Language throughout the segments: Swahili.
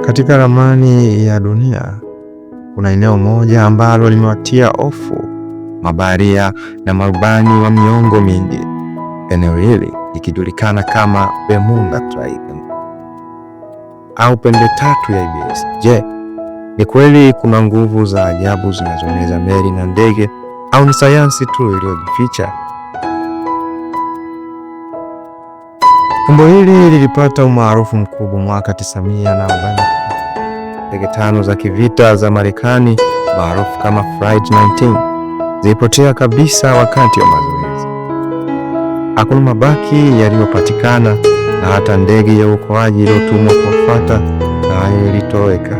Katika ramani ya dunia kuna eneo moja ambalo limewatia hofu mabaharia na marubani wa miongo mingi, eneo hili likijulikana kama Bermuda Triangle au pembe tatu ya Ibilisi. Je, ni kweli kuna nguvu za ajabu zinazomeza meli na ndege, au ni sayansi tu iliyojificha? Fumbo hili lilipata umaarufu mkubwa mwaka 9na Ndege tano za kivita za Marekani maarufu kama Flight 19 zilipotea kabisa wakati wa mazoezi. Hakuna mabaki yaliyopatikana na hata ndege ya uokoaji iliyotumwa kufuata nayo ilitoweka.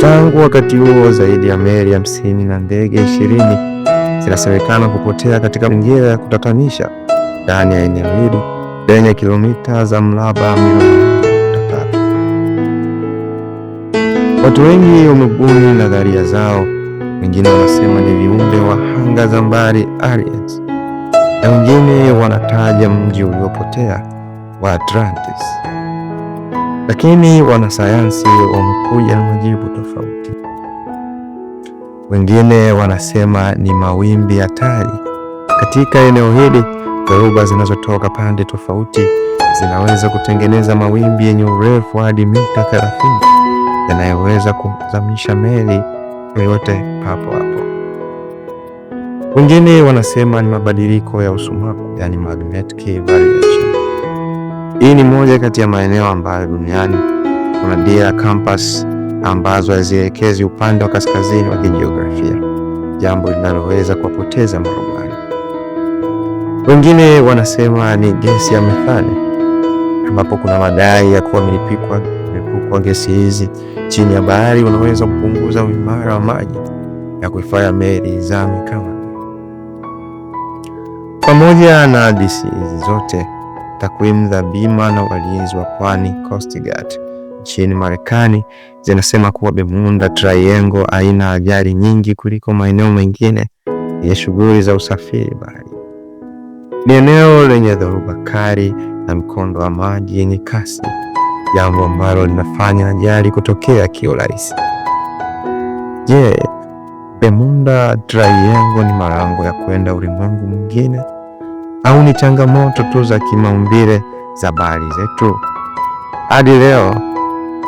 Tangu wakati huo, zaidi ya meli hamsini na ndege ishirini zinasemekana kupotea katika mazingira ya kutatanisha ndani ya eneo hili lenye kilomita za mraba milioni tatu. Watu wengi wamebuni nadharia zao, wengine wanasema ni viumbe wa anga za mbali aliens, na wengine wanataja mji uliopotea wa Atlantis, lakini wanasayansi wamekuja na majibu tofauti. Wengine wanasema ni mawimbi hatari katika eneo hili Dhoruba zinazotoka pande tofauti zinaweza kutengeneza mawimbi yenye urefu hadi mita 30 yanayoweza kuzamisha meli yoyote papo hapo. Wengine wanasema ni mabadiliko ya usumaku, yani magnetic variation. Hii ni moja kati ya maeneo ambayo duniani kuna dira kampas ambazo hazielekezi upande wa kaskazini wa kijiografia, jambo linaloweza kuwapoteza marubani. Wengine wanasema ni gesi ya methane, ambapo kuna madai ya kuwa milipikwa kwa gesi hizi chini ya bahari unaweza kupunguza uimara wa maji ya kuifanya meli zame kama. Pamoja na hadisi hizi zote, takwimu za bima na walinzi wa pwani Coast Guard nchini Marekani zinasema kuwa Bermuda Triangle haina ajali nyingi kuliko maeneo mengine ya shughuli za usafiri bahari. Ni eneo lenye dhoruba kali na mkondo wa maji yenye kasi, jambo ambalo linafanya ajali kutokea kiurahisi. Je, Bermuda Triangle ni malango ya kwenda ulimwengu mwingine au ni changamoto tu za kimaumbile za bahari zetu? Hadi leo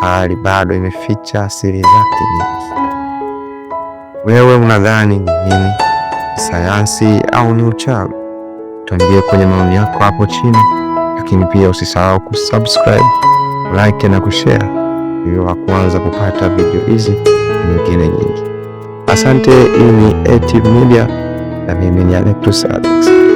bahari bado imeficha siri zake nyingi. Wewe unadhani ni nini? Sayansi au ni uchawi? tuambie kwenye maoni yako hapo chini, lakini pia usisahau kusubscribe, like na kushare ili wa kwanza kupata video hizi na nyingine nyingi. Asante. Hii ni ATIV Media na mimi ni Alexus Alex.